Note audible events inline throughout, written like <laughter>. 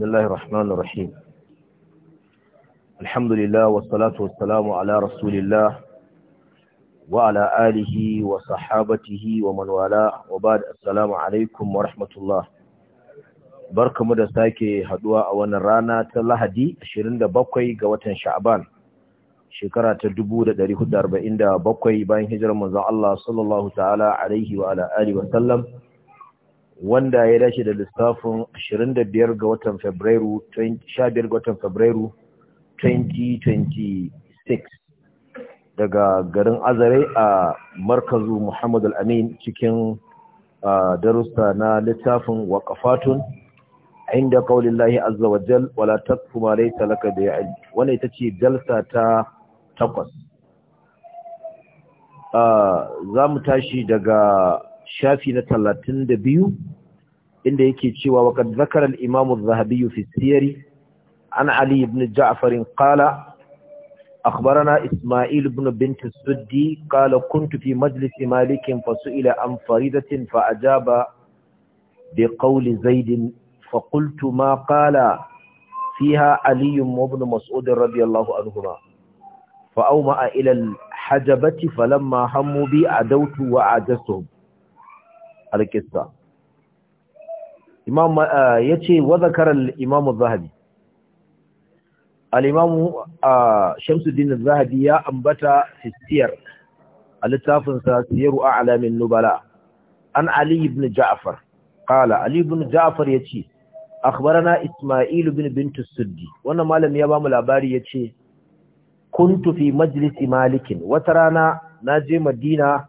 بسم الله الرحمن الرحيم الحمد لله والصلاة والسلام على رسول الله وعلى آله وصحابته ومن والاه وبعد السلام عليكم ورحمة الله da sake haduwa a wannan rana ta Lahadi 27 ga watan sha'aban shekara ta 1447 bayan hijirar manzon Allah sallallahu alaihi wa ala wa sallam wanda ya dace da lissafin 25 ga watan Fabrairu 15 ga watan Fabrairu 2026 daga garin Azare a markazu Muhammad Al-Amin cikin darussa na littafin waqafatun inda qaulillahi azza wa jal wala taqfu ma laysa laka bi ilm wannan ita ce jalsa ta takwas zamu zamu tashi daga shafi na talatin da biyu inda yake cewa wa kad zakara al-imam az-zahabi fi siyari an ali ibn ja'far qala أخبرنا إسماعيل بن بنت السدي قال كنت في مجلس مالك فسئل عن فريدة فأجاب بقول زيد فقلت ما قال فيها علي وابن مسعود رضي الله عنهما فأومأ إلى الحجبة فلما هموا بي عدوت وعجزتهم al imam uh, yace wa zakara al-imam zahabi al uh, shamsuddin zahabi ya ambata fistiyar a littafinsa tafin sa siyaru a'lamin nubala an ali ibn ja'far qala ali ibn ja'far yace akhbarana isma'il bin bint as-suddi wannan malami ya bamu labari yace kuntu fi majlisi malikin wata rana na je madina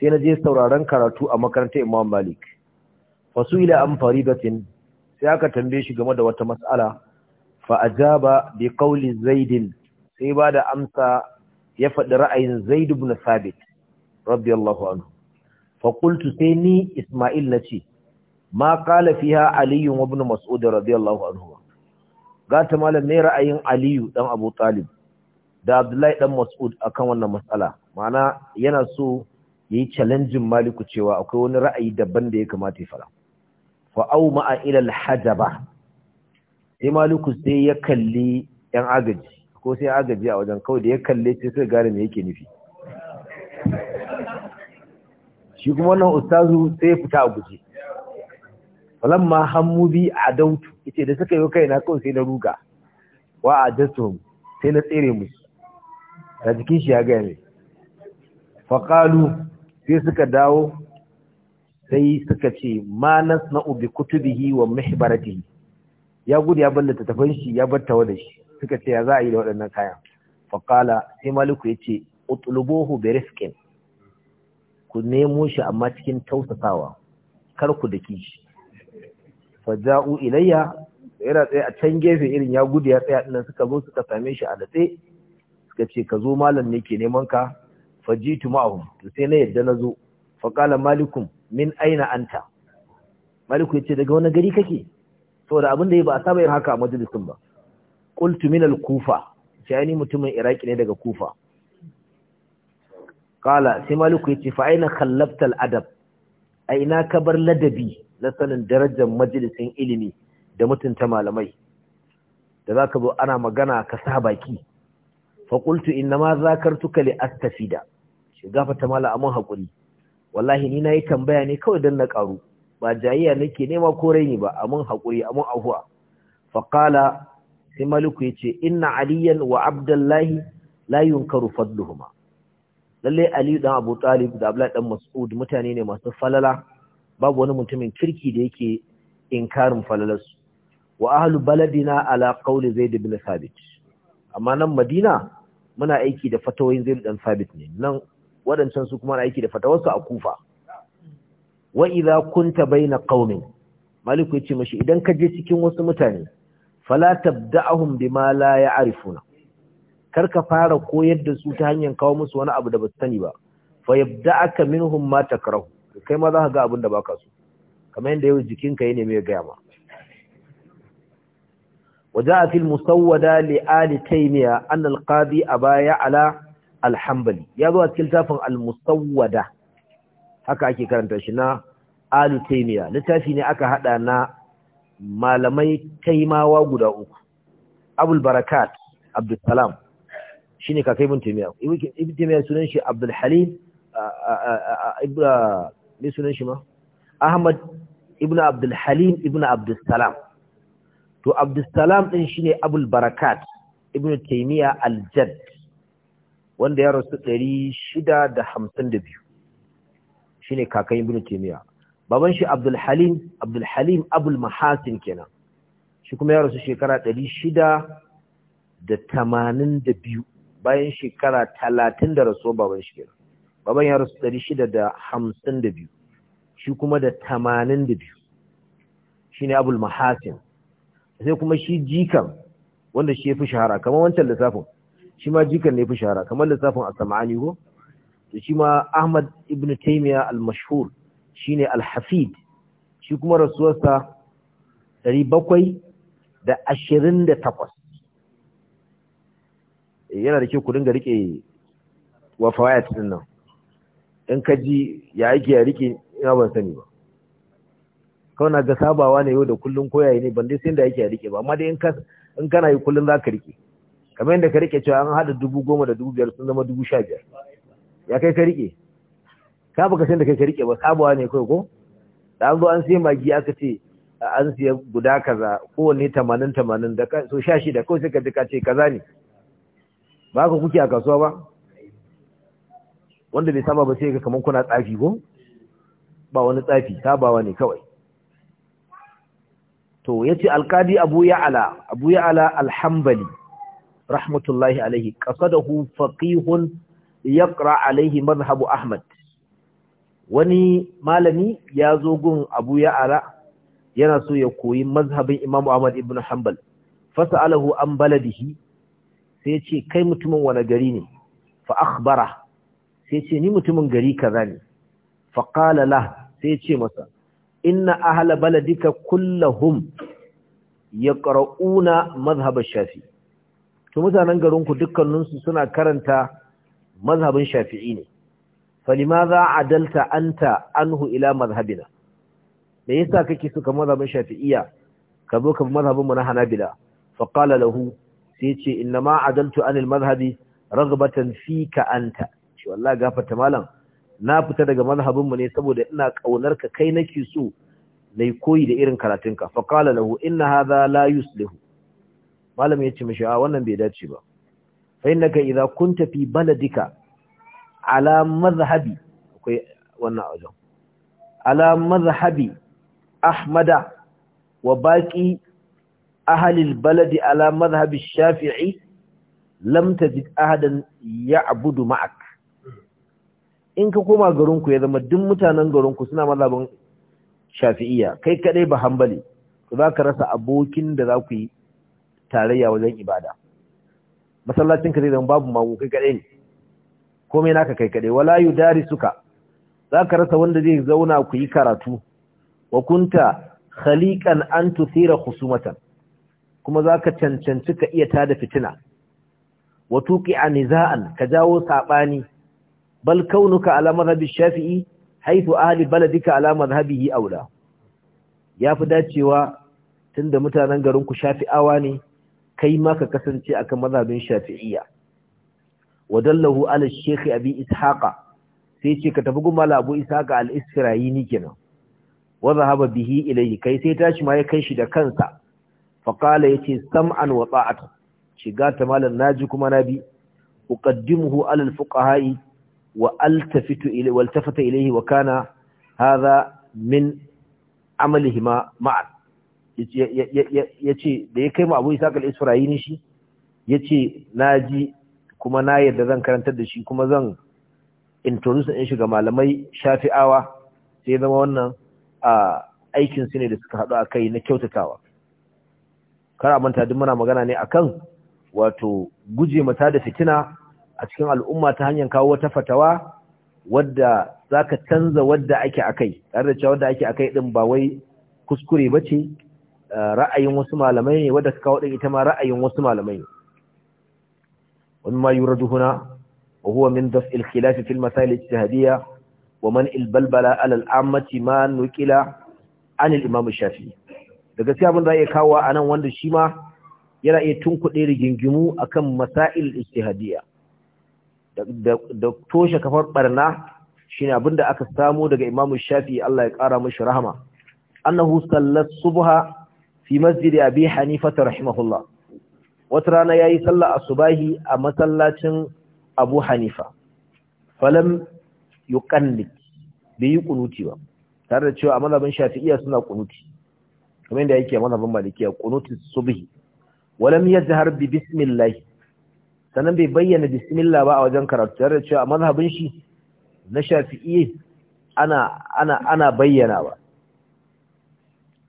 sai na je sauraron karatu a makarantar Imam Malik Fasu fasuila an faridatin sai aka tambaye shi game da wata mas'ala fa ajaba bi qawli zaid sai ba da amsa ya faɗi ra'ayin zaid ibn sabit radiyallahu anhu fa qultu sai ni Isma'il nace ma qala fiha Ali ibn Mas'ud radiyallahu anhu Ga ta malam ne ra'ayin Aliyu dan Abu Talib da Abdullahi dan Mas'ud akan wannan mas'ala ma'ana yana so Yi challenging maliku cewa akwai wani ra'ayi daban da ya kamata ya fara fa auma ila al-hajaba sai maliku sai ya kalli yan agaji ko sai agaji a wajen kawai da ya kalle sai sai gane me yake nufi shi kuma wannan ustazu sai ya fita a guje falamma hammu bi adautu yace da suka yi kai na kawai sai na ruga wa adatum sai na tsere musu a jikin shi ya gane faƙalu sai suka dawo sai suka ce manas na ubi kutubihi wa mihbaratihi ya gudu ya bar littattafan shi ya bar tawa da shi suka ce ya za a yi da waɗannan kayan faƙala sai maliku ya ce utlubuhu bi rifqin ku nemo shi amma cikin tausasawa kar ku daki shi faja'u ilayya yana tsaye a can gefe irin ya gudu ya tsaya dinnan suka zo suka same shi a datse suka ce ka zo malam ne ke neman ka fajitu ma'ahum to sai na yadda nazo fa qala malikum min aina anta maliku yace daga wani gari kake saboda abin da ba a saba yin haka a majalisin ba qultu min al-kufa sai ni mutumin iraki ne daga kufa qala sai maliku yace fa aina khallabta al-adab aina ka bar ladabi na sanin darajar majalisin ilimi da mutunta malamai da zaka zo ana magana ka sa baki qultu inna ma zakartuka li astafida shi gafarta mala mun haƙuri wallahi ni na yi tambaya ne kawai don na ƙaru ba jayayya nake nema ko raini ba amun haƙuri amun ahuwa faƙala sai maluku ya ce inna aliyan wa abdullahi la yunkaru fadluhuma lallai aliyu dan abu talib da abdullahi dan mas'ud mutane ne masu falala babu wani mutumin kirki da yake inkarin falalarsu wa ahlu baladina ala qawli zaid ibn thabit amma nan madina muna aiki da fatawoyin zaid dan thabit ne nan waɗancan su kuma na aiki da fatawarsu a kufa wa idza kunta baina qaumin maliku yace mashi idan ka je cikin wasu mutane fala tabda'uhum bima la ya'rifuna kar ka fara koyar da su ta hanyar kawo musu wani abu da ba su sani ba fa yabda'aka minhum ma takrahu kai ma za ka ga abin da baka so kamar yadda yau jikinka ya nemi ya gaya ma musawwada li ali taymiya an al qadi baya ala. alhambali ya zo a cikin al-musawwada haka ake karanta shi na al-taymiya littafi ne aka hada na malamai taimawa guda uku abul barakat abdulsalam shine ne kakai ibn taymiya ibn taymiya sunan shi ibra ne sunan shi ma ahmad ibn abdulhalim ibn abdulsalam to abdulsalam din shine abul barakat ibn al-jadd wanda ya rasu 652 shine kakan ibn taymiya baban shi abdul halim abdul halim abul mahasin kenan shi kuma ya rasu shekara 682 bayan shekara 30 da rasu baban shi kenan baban ya rasu 652 shi kuma da 82 shine abul mahasin sai kuma shi jikan wanda shi ya fi shahara kamar wancan lissafin shi ma jikan ne fi shahara kamar lissafin Asama'ani samani ko to shi ma Ahmad ibn Taymiyyah al-mashhur shine al-Hafid shi kuma rasuwarsa 728 eh, yana da ke ku dinga rike wafawayat din nan in ka ji ya yake ya rike ina ban sani ba kauna ga sabawa ne yau da kullun koyaye ne ban dai sai da yake ya rike ba amma dai in ka kana yi kullun ka rike kamar yadda ka rike cewa an hada dubu goma da dubu biyar sun zama dubu sha biyar ya kai ka rike ka baka san da kai ka rike ba sabuwa ne kai ko da an zo an sai magi aka ce an siya guda kaza kowanne tamanin tamanin da so sha shida kawai sai ka ji ce kaza ne ba ka kuke a kasuwa ba wanda bai saba ba sai ka kamar kuna tsafi ko ba wani tsafi sabawa ne kawai to yace alkadi abu ya'ala abu ya'ala alhambali rahmatullahi alaihi qasadahu faqihun yaqra alaihi madhhabu ahmad wani malami ya zo gun abu ara yana so ya koyi mazhabin imam ahmad ibn hanbal fasa'alahu an baladihi sai ce kai mutumin wani gari ne fa akhbara sai ce ni mutumin gari kaza ne fa qala la sai ce masa inna ahla baladika kullahum yaqra'una madhhab shafi'i to mutanen garinku dukkaninsu suna karanta mazhabin shafi'i ne falimaza adalta anta anhu ila mazhabina me yasa kake suka mazhabin shafi'iyya ka zo ka mazhabin mu na hanabila fa qala lahu sai ce inna ma adaltu anil mazhabi raghbatan fika ta. shi wallahi gafarta malam na fita daga mazhabinmu mu ne saboda ina kaunar ka kai nake so nayi koyi da irin karatunka Faƙala qala lahu inna hadha la yuslihu malam ya ce mashi a wannan bai dace ba fa innaka idza kunta fi baladika ala madhhabi akwai wannan ajo ala madhhabi ahmada wa baqi ahli albaladi ala madhhabi shafi'i lam tajid ahadan ya'budu ma'ak in ka koma garinku ya zama duk mutanen garinku suna mazhabin shafi'iyya kai kadai ba hanbali za zaka rasa abokin da za ku yi tarayya wajen ibada masallacin ka zai zama babu mamu kai kaɗai ne komai naka kai kaɗai wala yu dari suka za ka rasa wanda zai zauna ku yi karatu wa kunta khaliqan an tuthira khusumatan kuma za ka cancanci ka iya ta da fitina wa a niza'an ka jawo sabani bal kaunuka ala madhhabi shafi'i haithu ahli baladika ala madhhabihi aula fi dacewa tunda mutanen garin ku shafi'awa ne kai ma ka kasance akan mazhabin shafi'iyya wadallahu ala shekhi abi ishaqa sai ce ka tafi gumma abu ishaqa al-isra'ini kenan wa zahaba bihi ilayhi kai sai tashi ma ya kai shi da kansa fa qala yace sam'an wa ta'atan shiga ta malan naji kuma nabi uqaddimuhu ala al-fuqaha'i wa altafitu ilayhi wa altafata ilayhi wa kana hadha min amalihima ma'an ya ce da ya kai mu abu isa isra'i ne shi ya ce na ji kuma na yadda zan karantar da shi kuma zan introduce in shiga malamai shafi'awa sai zama wannan a aikin su ne da suka haɗu a kai na kyautatawa kara manta duk muna magana ne akan wato guje mata da fitina a cikin al'umma ta hanyar kawo wata fatawa wadda za ka canza wadda ake akai tare da cewa wadda ake akai din ba wai kuskure ba ce. ra'ayin wasu malamai ne wadda suka kawo ita ma ra'ayin wasu malamai ne wani ma yuradu huna wa huwa min daf'il khilafi fil masail ijtihadiyya wa man al balbala ala al ma nuqila an al imam shafi'i da gaskiya abin da ya kawo anan wanda shi ma yana iya tunkuɗe rigingimu akan masail ijtihadiyya da toshe kafar barna shine abinda aka samu daga Imam shafi Allah ya kara mishi rahama annahu sallat subha fi masjidi abi hanifata rahimahullah wata rana ya yi sallah asubahi a masallacin abu hanifa falam yi bai yi ba tare da cewa a mazabin shafi'iya suna kunuti kamar yadda yake a mazabin malikiya kunuti subhi walam ya bi bismillah sanan bai bayyana bismillah ba a wajen karatu tare da cewa a mazhabin shi na shafi'i ana ana ana bayyana ba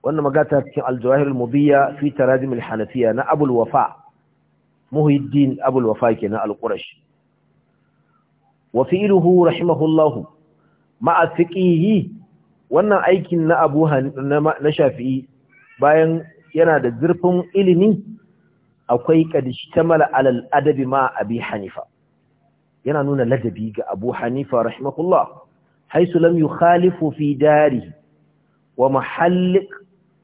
wannan magata cikin al-jawahir mubiyya fi tarajim al-hanafiya na abul wafa muhiddin abul wafa kenan al-qurashi wa fi'luhu rahimahullahu ma'a fiqihi wannan aikin na abu na shafi'i bayan yana da zurfin ilimi akwai kadishtamala alal adabi ma abi hanifa yana nuna ladabi ga abu hanifa rahimahullah haisu lam yukhalifu fi dari wa mahallik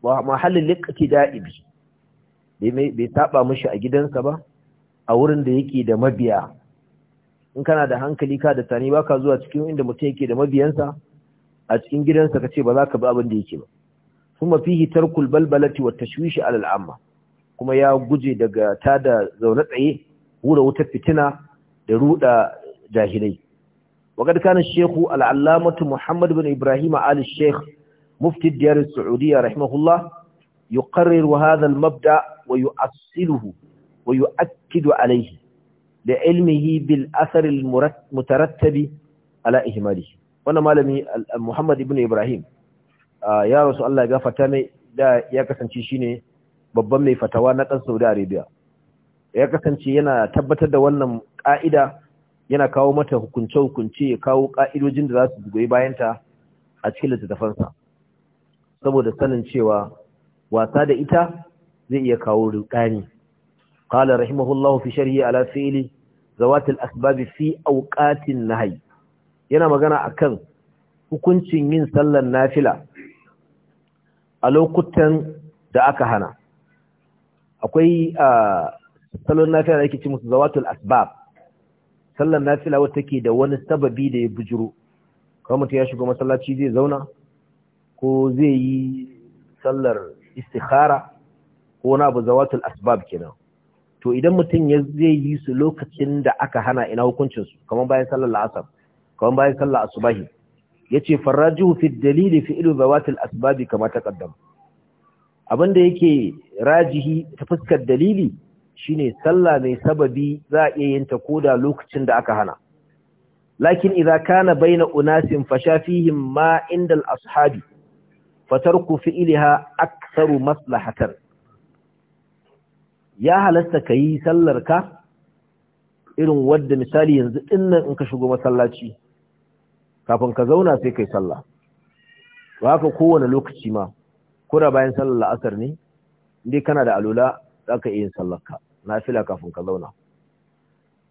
mahallin liƙaƙi da'ibi bai saɓa mashi a gidansa ba a wurin da yake da mabiya in kana da hankali ka da tani baka zuwa cikin inda mutum yake da mabiyansa a cikin gidansa ka ce ba za ka bi abin da yake ba kuma fihi tarkul balbalati wa tashwishi alal al'amma kuma ya guje daga tada zaune tsaye hura wutar fitina da ruda jahilai وقد shehu al العلامة Muhammadu bin ibrahim Ali sheikh مفتي الديار السعودية رحمه الله يقرر هذا المبدأ ويؤصله ويؤكد عليه لعلمه بالأثر المترتب على إهماله وانا مالمي محمد بن إبراهيم آه يا رسول الله قافة مي دا يا كسانشي شيني babban mai fatawa na ƙasar Saudi Arabia ya kasance yana tabbatar da wannan ƙa'ida yana kawo mata hukunce-hukunce ya kawo ƙa'idojin da za su goyi bayanta a cikin littattafansa saboda sanin cewa wasa da ita zai iya kawo rukani qala rahimahullahu fi sharhi ala fi'li zawatil asbab fi awqatin nahy yana magana akan hukuncin yin sallar nafila a lokutan da aka hana akwai sallar nafila da yake ci musu zawatul asbab sallar nafila wata take da wani sababi da ya bujuro kamar mutum ya shiga masallaci zai zauna ko zai yi sallar istikhara ko na abu zawatul asbab kenan to idan mutum ya zai yi su lokacin da aka hana ina hukuncin su kamar bayan sallar la'asar kaman bayan sallar asubahi yace farrajuhu fi dalili fi'lu zawatil asbab kama taqaddam abinda yake rajihi ta fuskar dalili shine sallah mai sababi za a iya yin ta koda lokacin da aka hana lakin idza kana baina unasin fasha ma indal ashabi fatarku fi'liha aktsaru maslahatan ya halasta kai sallar ka irin wanda misali yanzu dinnan in ka shigo masallaci kafin ka zauna sai kai sallah ba haka kowane lokaci ma kura bayan sallar la'asar ne indai kana da alula zaka iya yin sallar ka nafila kafin ka zauna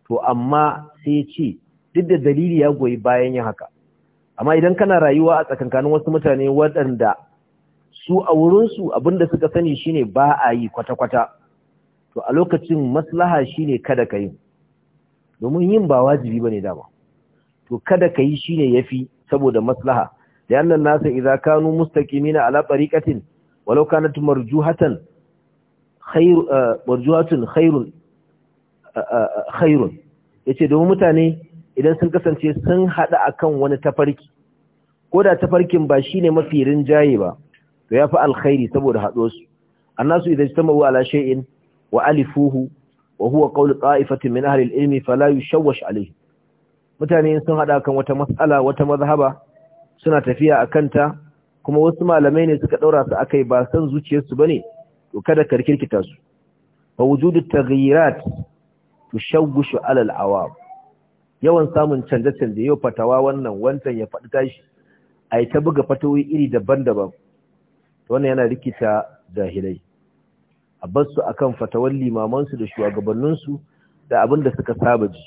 to amma sai ce duk da dalili ya goyi bayan yin haka amma idan kana rayuwa a tsakankanin wasu mutane waɗanda su a wurinsu da suka sani shine ba a yi kwata-kwata to a lokacin maslaha shine kada ka yi domin yin ba wajibi ba ne dama to kada ka yi shine yafi saboda maslaha da yannan nasa iza kanu mustaqimina ala tariqatin walau kanat marjuhatan uh, marjuhatun khairun uh, uh, Ya ce domin mutane idan sun kasance sun haɗa akan wani tafarki ko da tafarkin ba shine mafi rinjaye ba to ya fi alkhairi saboda haɗuwarsu annasu idan ta mawu ala shay'in wa alifuhu wa huwa qawlu qa'ifatin min ahli al-ilmi fala yushawwash alayhi mutane sun hada kan wata mas'ala wata mazhaba suna tafiya akan ta kuma wasu malamai ne suka daura su akai ba san zuciyarsu bane to kada karkirkita su fa wujudu taghyirat tushawwishu ala al-awam yawan samun canje-canje yau fatawa wannan wancan ya faɗi tashi a yi ta buga fatawoyi iri daban-daban wannan yana rikita jahilai a basu akan fatawar limamansu da shugabanninsu da abin da suka saba ji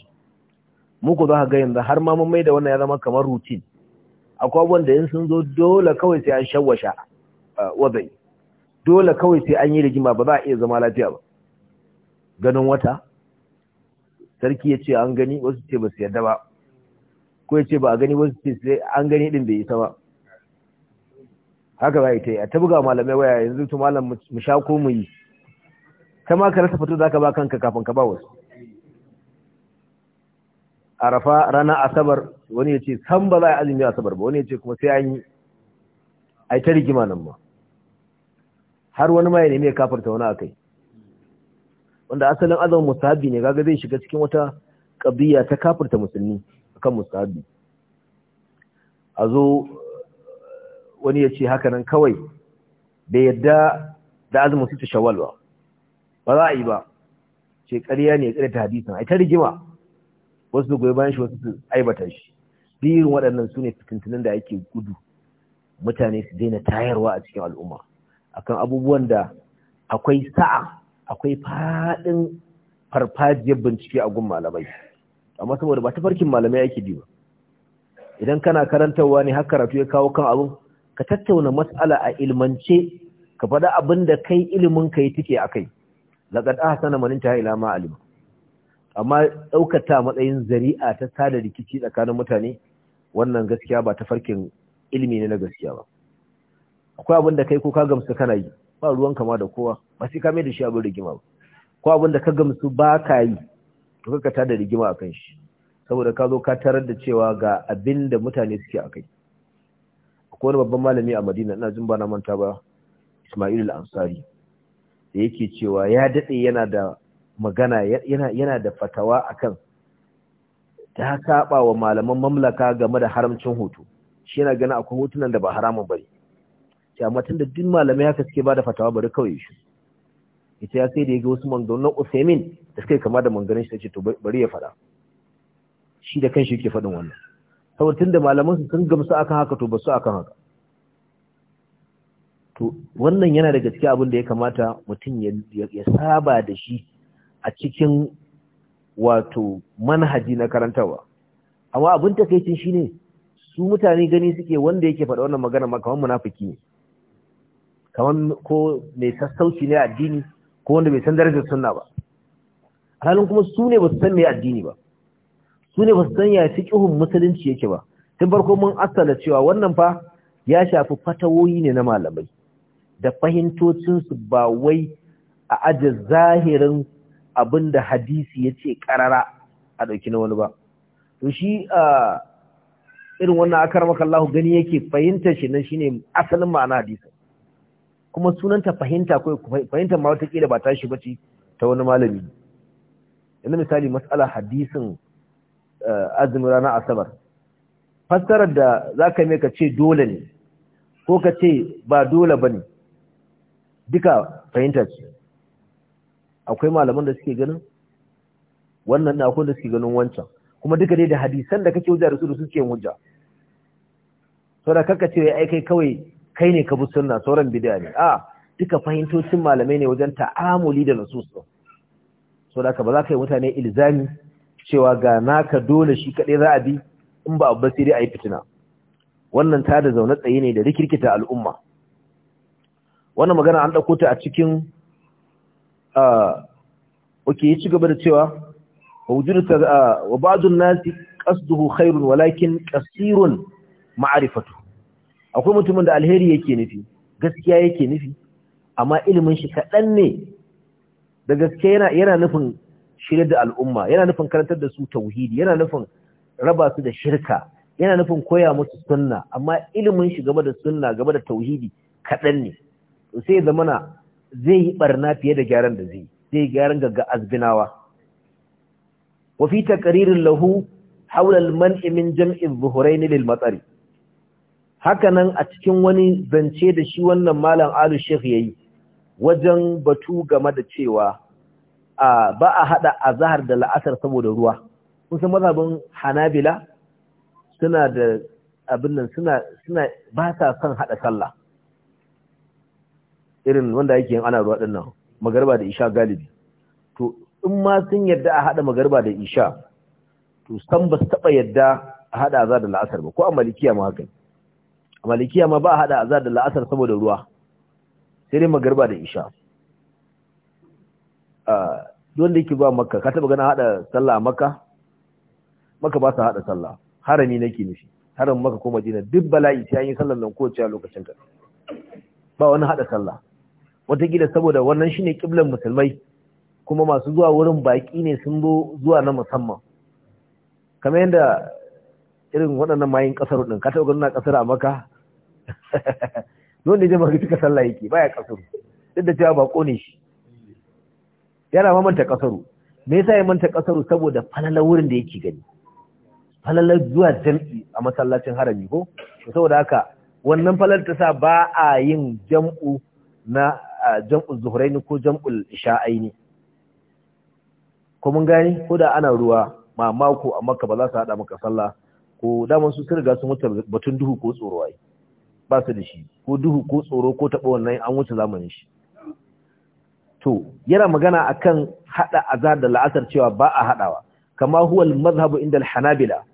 muku za ka ga yanzu har ma mun mai da wannan ya zama kamar routine akwai abubuwan da in sun zo dole kawai sai an shawasha wazai dole kawai sai an yi rigima ba za a iya zama lafiya ba ganin wata sarki ya ce an gani wasu ce ba su yadda ba ko ya ce ba a gani wasu ce sai an gani din bai isa ba haka za a yi ta yi a buga malamai waya yanzu to malam mu sha ko mu yi ta ma ka rasa fito za ka ba kanka kafin ka ba wasu rafa ranar asabar wani ya ce san ba za a azumi asabar ba wani ya ce kuma sai an yi a ta rigima nan ma har wani ma ya nemi ya kafarta wani akai wanda asalin azumin musahabi ne gaga zai shiga cikin wata kabiya ta kafarta musulmi akan musahabi a zo wani ya ce hakanan kawai bai yadda da azumin su ta shawalwa. ba za a yi ba ce ƙarya ne ya ta hadisin ai ta rigima wasu su goyi bayan shi wasu su aibata shi birin waɗannan su ne fitintunan da ake gudu mutane su daina tayarwa a cikin al'umma akan abubuwan da akwai sa'a akwai faɗin farfajiyar bincike a gun malamai amma saboda ba ta farkin malamai ake bi ba idan kana karantarwa ne har karatu ya kawo kan abin ka tattauna mas'ala a ilmance ka faɗa abin da kai ilimin ka yi tike a kai laƙad ahsana man intaha ila ma alima amma ɗaukata matsayin zari'a ta sada rikici tsakanin mutane wannan gaskiya ba ta farkin ilimi ne na gaskiya ba akwai abin da kai ko ka gamsu kana yi ba ruwan kama da kowa ba sai ka mai da shi abin rigima ba ko abin da ka gamsu ba ka yi to ka tada rigima akan shi saboda ka zo ka tarar da cewa ga abin da mutane suke akai akwai wani babban malami a madina ina jin ba na manta ba ismail al-ansari da yake cewa ya daɗe yana da magana yana da fatawa akan ta saba wa malaman mamlaka game da haramcin hoto shi yana gana akwai hotunan da ba haramun bari. sai da da duk malamai haka suke bada fatawa bari kawai shi ita ya sai da ya ga wasu manganun Usaimin da suka kama da manganun shi ta ce to bari ya faɗa. shi da kanshi yake fadin wannan saboda tunda malaman su sun gamsu akan haka to basu akan haka to wannan yana daga cikin abin da ya kamata mutum ya saba da shi a cikin wato manhaji na karantarwa amma abin takaicin shine su mutane gani suke wanda yake faɗa wannan magana ma kamar munafiki ne kamar ko mai sassauci ne addini ko wanda bai san darajar sunna ba halin kuma su ne ba su san mai addini ba su ne ba su san ya kihun musulunci yake ba tun farko mun asala cewa wannan fa ya shafi fatawoyi ne na malamai da fahimtocinsu ba wai a aji zahirin abin da hadisi ya ce ƙarara a ɗauki na wani ba. To shi irin wannan aka akar makallahu gani yake fahimta shi nan shine asalin ma'ana hadisi. Kuma sunanta fahimta ko fahimta ma wata ƙila ba tashi ba ta wani malami. Yanzu misali matsala hadisin Eh, azumin ranar asabar fassarar da za ka mai ka ce dole ne ko ka ce ba dole ba ne duka fahimta ce akwai malaman da suke ganin wannan na akwai da suke ganin wancan kuma duka dai da hadisan da kake wujar su da suke Sau da kakka ce ai kai kawai kai ne ka bi sunna sauran bid'a ne a duka fahimtocin malamai ne wajen ta'amuli da nusus Sau da ka ba za ka yi mutane ilzami cewa ga naka dole shi kaɗai za a bi in ba abu sai dai a yi fitina wannan ta da zaune tsaye ne da rikirkita al'umma wannan magana an ɗauko ta a cikin oke ya ci gaba da cewa wa ba'adun nasi ƙasduhu khairun walakin ƙasirun ma'arifatu akwai mutumin da alheri yake nufi gaskiya yake nufi amma ilimin shi kaɗan ne da gaskiya yana nufin shirya da al'umma yana nufin karantar da su tauhidi yana nufin raba su da shirka yana nufin koya musu sunna amma ilimin shi gaba da sunna gaba da tauhidi kaɗan ne sai zama na zai yi barna fiye da gyaran da zai zai gyaran ga azbinawa wa fi taqririn lahu hawla al-man'i min jam'i dhuhrayn lil matsari nan, a cikin wani zance da shi wannan malam alu sheikh yayi wajen batu game da cewa ba a hada azhar da la'asar saboda ruwa kun san mazhabin hanabila suna da abin nan suna suna ba sa son hada sallah irin wanda yake yin ana ruwa din nan magarba da isha galibi to in ma sun yadda a hada magarba da isha to san ba su taba yadda a hada azhar da la'asar ba ko a malikiya ma haka a malikiya ma ba a hada azhar da la'asar saboda ruwa sai dai magarba da isha Ah, wanda yake zuwa makka ka taba gana hada sallah a makka makka ba su hada sallah harami nake nufi haramin makka ko madina duk bala'i sai an yi sallar nan kowace a lokacin ka ba wani hada sallah wataƙila saboda wannan shine kiblan musulmai kuma masu zuwa wurin baƙi ne sun zo zuwa na musamman kamar yadda irin waɗannan mayin ƙasar ɗin ka taɓa gana ƙasar a maka don da jama'a cika sallah yake baya ƙasar duk da cewa ba ne shi yana ma manta kasaru me yasa ya manta kasaru saboda falalar wurin da yake gani Falalar zuwa jam'i a masallacin harami ko saboda haka wannan falal ta sa ba a yin jam'u na jam'u zuhraini ko jam'u isha'aini ko mun gani ko da ana ruwa ma mako a makka ba za su hada maka sallah ko daman su sun riga sun wuce batun duhu ko tsoro ai ba su da shi ko duhu ko tsoro ko taɓa wannan an wuce zamanin shi to yana magana akan hada azhar da la'asar cewa ba a hadawa kama huwa al inda al-hanabila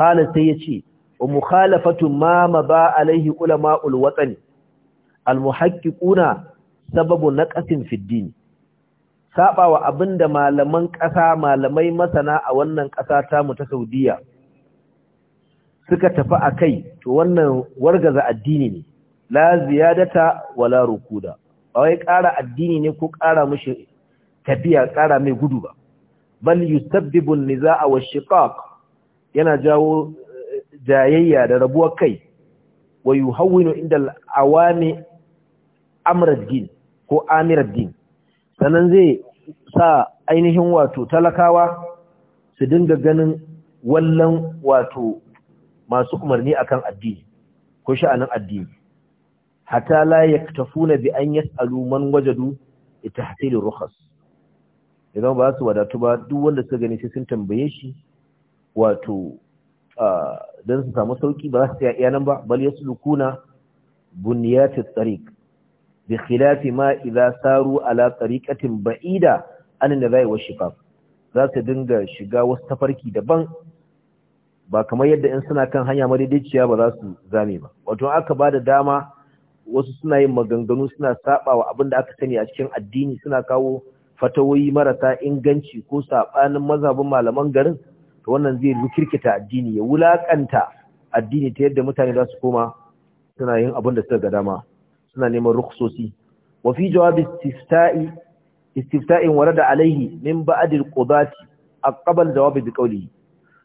qala sai yace wa mukhalafatu ma ba alaihi ulama'ul watani al-muhaqqiquna sababu naqasin fi din sabawa abinda malaman ƙasa malamai masana a wannan ƙasa ta mu ta Saudiya suka tafi akai to wannan wargaza addini ne la ziyadata wala rukuda ba wai ƙara addini ne ko ƙara mushi tafiya ƙara mai gudu ba bal yusabbibu za nizaa wa shiqaq yana jawo eh, jayayya da rabuwar kai wa yuhawwinu inda al-awami din ko din, sanan zai sa ainihin wato talakawa su dinga ganin wallan wato masu umarni akan addini ko sha'anin addini hatta la yaktafuna bi an yas'alu man wajadu bi tahsil rukhas idan ba su wadatu ba duk wanda suka gani sai sun tambaye shi wato dan su samu sauki ba za su iya nan ba bal yaslukuna bunyat at-tariq bi khilafi ma idza saru ala tariqatin ba'ida an nadai wa shifaf za su dinga shiga wasu tafarki daban ba kamar yadda in suna kan hanya madaidaiciya ba za su zame ba wato aka ba da dama wasu suna yin maganganu suna sabawa wa abin da aka sani a cikin addini suna kawo fatawoyi marasa inganci ko sabanin mazhabin malaman garin to wannan zai rikirkita addini ya wulakanta addini ta yadda mutane za su koma suna yin abin da suka ga dama suna neman rukhsosi wa fi jawabi istifta'i istifta'in warada alaihi min ba'dil qudati aqbal jawabi bi qawlihi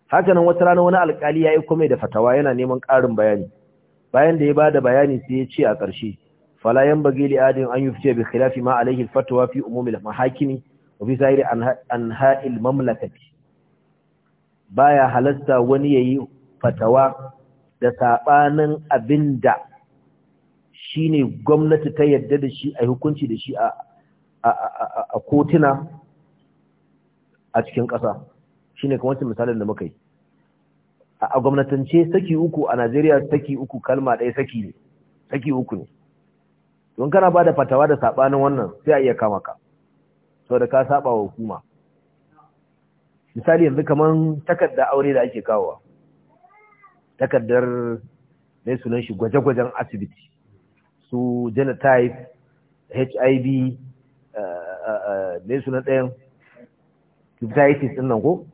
haka wata rana wani alkali yayi komai da fatawa yana neman karin bayani bayan da ya ba da bayani sai ya ce a ƙarshe fala bage li adin an yufti bi khilafi ma alaihi fatwa fi umumil mahakimi wa fi sa'iri anha'il mamlakati baya halatta wani yayi fatawa da sabanin abinda shine gwamnati ta yadda da shi a hukunci da shi a a kotuna a cikin ƙasa shine kamar misalin da muka yi a gwamnatance saki uku a Najeriya saki uku kalma ɗaya saki ne saki uku ne don kana ba da fatawa da saɓanin wannan sai a iya kama ka sau da ka saɓa wa hukuma misali yanzu kamar takardar aure da ake kawowa takardar mai sunan shi gwaje-gwajen asibiti su genotype hiv eh, eh, eh, mai sunan ɗayan cutitis ɗin nan ko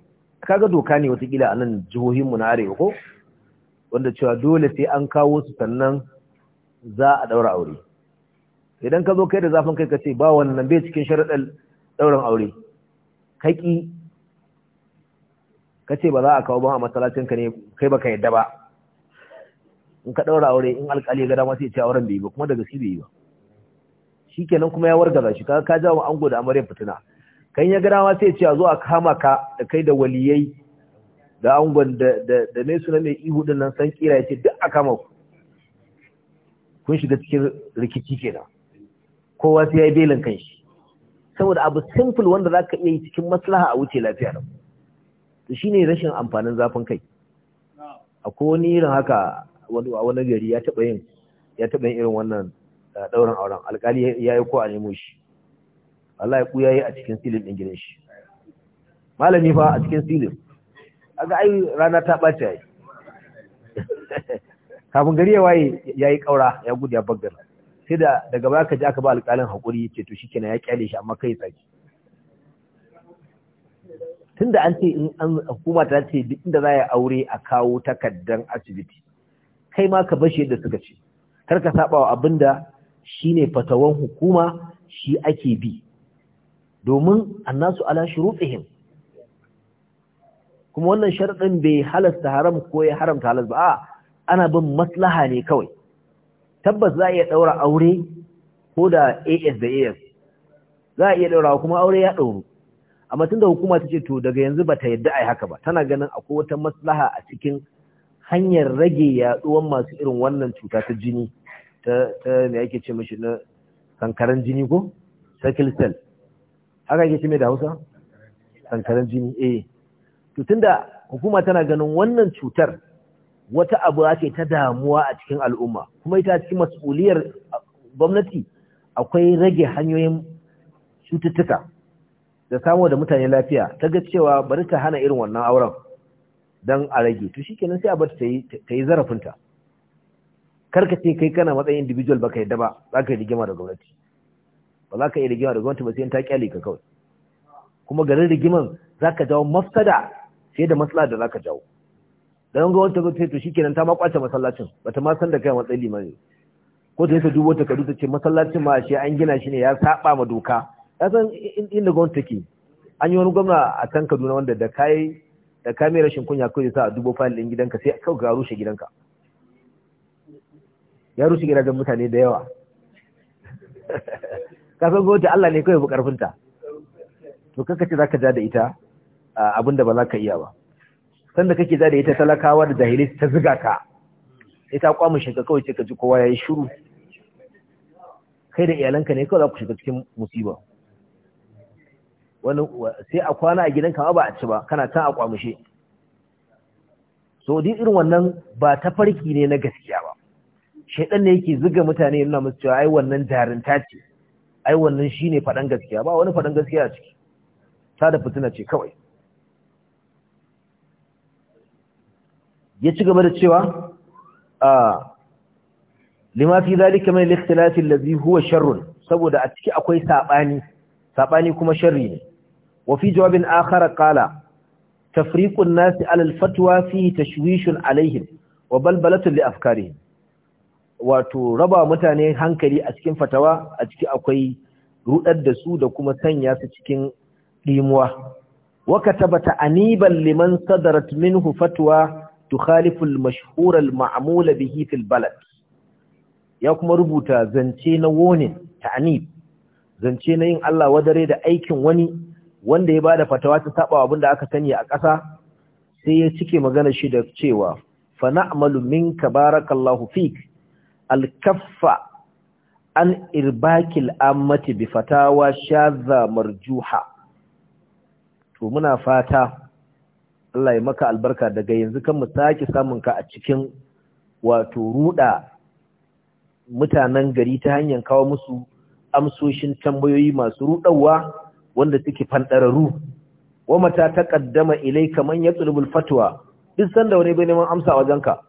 kaga doka ne watakila a nan jihohinmu na arewa ko wanda cewa dole sai an kawo su sannan za a daura aure idan ka zo kai da zafin kai ka ce ba wannan bai cikin sharaɗar ɗaurin aure kaki ka ce ba za a kawo ban a matsalacinka ne kai ba ka yadda ba in ka ɗaura aure in alƙali ga dama sai ce auren bai yi ba kuma daga shi bai yi ba shikenan kuma ya wargaza shi kaga ka jawo ango da amarya fitina kan ya wata ya ce a zo a kama ka da kai da waliyai da angon da mai suna mai ihu da nan san kira ya ce duk a kama ku kun shiga cikin rikici ke da. kowa sai ya yi belin kan shi saboda abu simple wanda za ka iya yi cikin maslaha a wuce lafiya nan to shi ne rashin amfanin zafin kai a wani irin haka a wani gari ya taɓa yin irin wannan eh, ɗaurin auren alkali ya yi ko a nemo shi Allah ya kuya yi a cikin silin ɗin gidan shi malami fa a cikin silin A ga ai rana ta ɓace yi. <laughs> kafin gari ya waye ya yi ƙaura ya gudu ya bagar. sai da daga baya ka ji aka ba alƙalin haƙuri ya ce to kenan ya ƙyale shi amma kai tsaki Tun da an ce in an hukuma ta ce duk inda za a yi aure a kawo takardar asibiti kai ma ka bashi yadda suka ce kar ka saba wa abinda ne fatawan hukuma shi ake bi domin annasu ala shurutihim kuma wannan sharadin bai halasta haram ko ya haramta halas ba a ana bin maslaha ne kawai tabbas za a iya daura aure ko da AS da AS za a iya daura kuma aure ya dauru amma tunda hukuma ta ce to daga yanzu ba ta yadda ai haka ba tana ganin akwai wata maslaha a cikin hanyar rage yaduwan masu irin wannan cuta ta jini ta ta me yake ce mishi na kankaran jini ko circle cell aka yake shi mai da hausa sankaran jini eh to da hukuma tana ganin wannan cutar wata abu ce ta damuwa a cikin al'umma kuma ita cikin mas'uliyar gwamnati akwai rage hanyoyin cututtuka da samu da mutane lafiya ta ga cewa bari ta hana irin wannan auren don a rage to kenan sai a bar ta yi zarafinta karkace ce kai kana matsayin individual baka yadda ba za ka yi rigima da gwamnati ba za ka iya rigima da gwamnati ba sai ta kyale ka kawai kuma garin rigiman za ka jawo mafsada fiye da matsala da za ka jawo Da don gwamnati ta ce to shi kenan ta ma kwace masallacin ba ta ma san da kai matsayin limani ko ta yi ta dubo takardu ta ce masallacin ma shi an gina shi ne ya saba ma doka ya san inda gwamnati take an yi wani gwamna a can kaduna wanda da kayi da ka mai rashin kunya kawai sa a dubo fayil ɗin gidanka sai kawai ka rushe gidanka ya rushe gidajen mutane da yawa <laughs> ka san Allah ne kawai bu karfinta to kanka ce zaka ja da ita abinda ba za ka iya ba sanda kake ja da ita talakawa da jahilai ta ziga ka sai ta kwamu shiga kawai ce ka ji kowa yayi shiru kai da iyalanka ne kawai za ku shiga cikin musiba wani sai a kwana a gidanka ba a ci ba kana ta a kwamushe so din irin wannan ba ta farki ne na gaskiya ba shaidan ne yake zuga mutane yana musu cewa ai wannan jarinta ce ai wannan shine faɗan gaskiya ba wani faɗan gaskiya a ciki ta da fitina ce kawai ya ci gaba da cewa a lima fi zalika mai al-ikhtilafi huwa sharrun saboda a ciki akwai saɓani. Saɓani kuma sharri ne Wafi fi jawabin akhar qala tafriqun nasi ala al-fatwa fi tashwishun alaihin, wa balbalatun li afkarihim wato raba mutane hankali a cikin fatawa a ciki akwai rudar da su da kuma sanya su cikin dimuwa wa katabata aniban liman sadarat minhu fatwa tukhalifu al-mashhur al-ma'mul bihi fil balad ya kuma rubuta zance na wonin, ta'anib zance na yin Allah wadare da aikin wani wanda ya bada fatawa ta saba abin da aka sani a ƙasa sai ya cike magana shi da cewa fa na'malu minka barakallahu fik alkaffa an irbakil ammati bi fatawa shadha marjuha to muna fata Allah ya maka albarka daga yanzu kan mu sake samun ka a cikin wato ruda mutanen gari ta hanyar kawo musu amsoshin tambayoyi masu rudawa wanda suke fanɗararru. wa mata taqaddama ilayka man yatlubul fatwa duk sanda wani bai neman amsa wajenka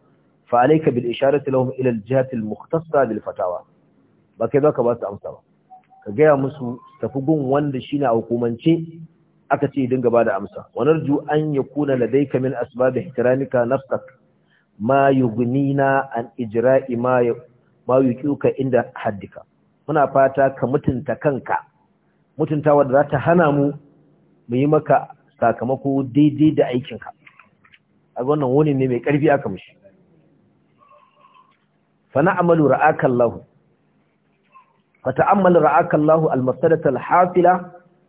fa alayka bil isharati lahum ila al jihati al mukhtassa bil fatawa ba kai zaka ba su amsa ba ka gaya musu tafi gun wanda shine a hukumance aka ce dinga ba da amsa wa narju an yakuna ladayka min asbab ihtiramika nafsak ma yugnina an ijra'i ma ma yuqiuka inda haddika muna fata ka mutunta kanka mutuntawa da za ta hana mu mu yi maka sakamako daidai da aikinka a wannan wani ne mai ƙarfi aka mushi fa na'malu Lahu, Allah fa ta'ammal ra'aka Allah al-masadata al-hasila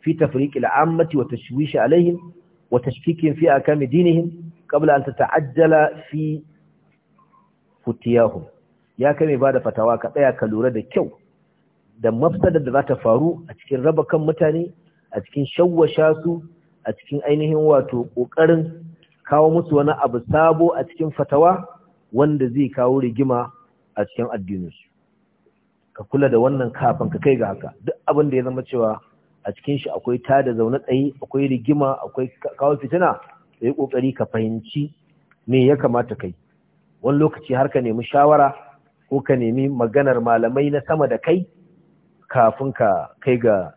fi tafriq al-ammati wa tashwish alaihim wa tashkikihim fi ta dinihim qabla fi futiyahum ya kai mai bada fatawa kaɗaya ka lura da kyau da mafsadar da za ta faru a cikin raba kan mutane a cikin shawwasha su a cikin ainihin wato ƙoƙarin kawo musu wani abu sabo a cikin fatawa wanda zai kawo rigima a cikin addininsu ka kula da wannan kafin ka kai ga haka duk abin da ya zama cewa a cikin shi akwai ta da zaune tsaye akwai rigima akwai kawo fitina da ya kokari ka fahimci me ya kamata kai wani lokaci har ka nemi shawara ko ka nemi maganar malamai na sama da kai kafin ka kai ga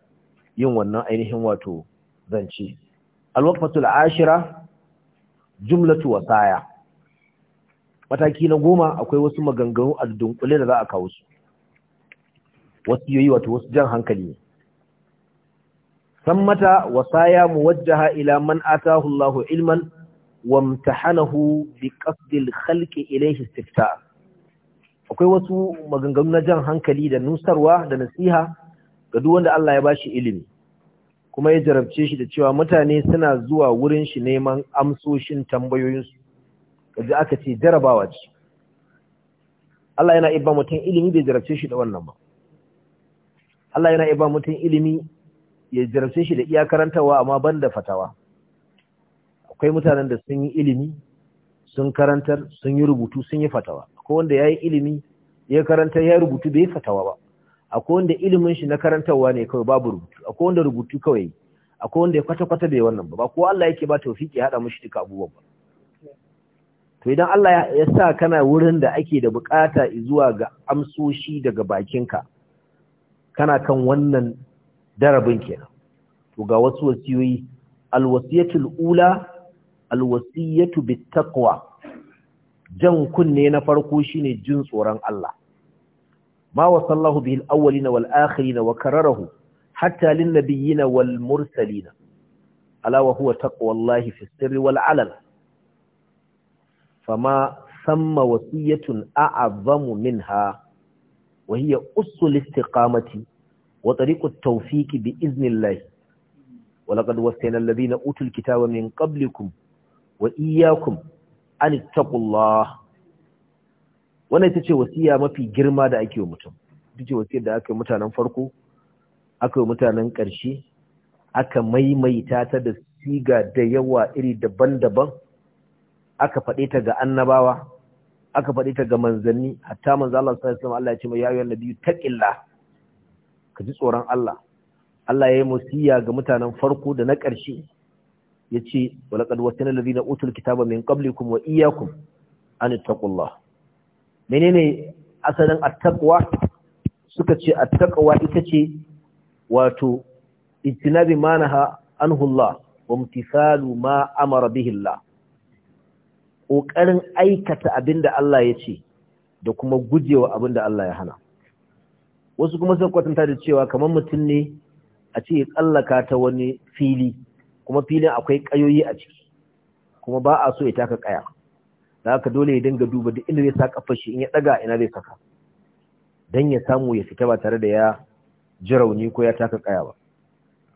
yin wannan ainihin wato zance alwafatul ashira jumlatu wasaya mataki na goma akwai wasu maganganu a dunkule da za a kawo su wasu yoyi wato wasu jan hankali ne sammata wasaya muwajjaha ila man atahu Allahu ilman wa imtahanahu bi qasdil khalqi ilayhi istifta akwai wasu maganganu na jan hankali da nusarwa da nasiha ga duk wanda Allah ya bashi ilimi kuma ya jarabce shi da cewa mutane suna zuwa wurin shi neman amsoshin tambayoyinsu kaji aka ce jarabawa ce Allah yana iba mutum ilimi bai jarabce shi da wannan ba Allah yana iba mutum ilimi ya jarabce shi da iya karantawa amma ban da fatawa akwai mutanen da sun yi ilimi sun karantar sun yi rubutu sun yi fatawa akwai wanda ya yi ilimi ya karanta ya rubutu bai fatawa ba akwai wanda ilimin shi na karantarwa ne kawai babu rubutu akwai wanda rubutu kawai akwai wanda ya kwata-kwata bai wannan ba ba ko Allah yake ba tawfiki ya hada mushi duka abubuwan ba to idan Allah ya sa kana wurin da ake da bukata zuwa ga amsoshi daga bakinka kana kan wannan darabin kenan to ga wasu wasiyoyi alwasiyatul ula alwasiyatu bittaqwa jan kunne na farko shine jin tsoron Allah ma wasallahu bihi alawwalina wal akhirina wa kararahu hatta lin nabiyina wal mursalina ala wa huwa taqwallahi fi sirri wal alana fama samma wasiyatun a'azzamu minha wa hiya usul istiqamati wa tariqu at-tawfiq bi iznillah wa laqad wasayna alladhina utul kitaba min qablikum wa iyyakum an ittaqullah wannan ce wasiya mafi girma da ake wa mutum ita ce wasiyar da aka yi mutanen farko aka yi mutanen ƙarshe aka maimaita ta da siga da yawa iri daban-daban aka faɗe ta ga annabawa aka faɗe ta ga manzanni hatta manzo Allah sallallahu alaihi wasallam Allah ya ce mai ayyuhan nabiyyu taqilla ka ji tsoron Allah Allah ya yi musiya ga mutanen farko da na ƙarshe ya ce walaqad wasana alladhina utul kitaba min qablikum wa iyyakum an taqullah menene asalin attaqwa suka ce attaqwa ita ce wato itinabi manaha anhu Allah wa imtithalu ma amara bihi Allah ƙoƙarin aikata abin da Allah ya ce da kuma gujewa abin da Allah ya hana wasu kuma sun kwatanta da cewa kamar mutum ne a ce ya tsallaka ta wani fili kuma filin akwai ƙayoyi a ciki kuma ba a so ya taka ƙaya da haka dole ya dinga duba duk inda zai sa kafar shi in ya ɗaga ina zai saka don ya samu ya fita ba tare da ya ji rauni ko ya taka ƙaya ba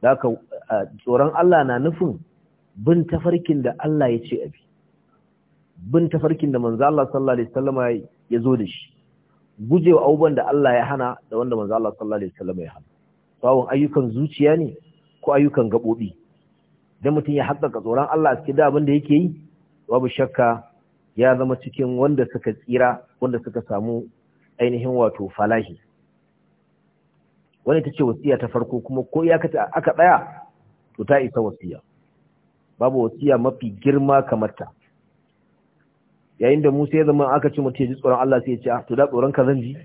da haka tsoron Allah na nufin bin tafarkin da Allah ya ce a bi. bin tafarkin da manzo Allah sallallahu alaihi wasallam ya zo da shi gujewa abubuwan da Allah ya hana da wanda manzo Allah sallallahu alaihi wasallam ya hana sawun ayyukan zuciya ne ko ayyukan gabobi dan mutum ya haƙƙaƙa tsoron Allah a cikin da abin da yake yi babu shakka ya zama cikin wanda suka tsira wanda suka samu ainihin wato falahi wani tace ce wasiya ta farko kuma ko ya aka tsaya to ta isa wasiya babu wasiya mafi girma kamar ta yayin da Musa ya zama aka ce mutum ya ji tsoron Allah sai ya ce ah, to da tsoron ka zan ji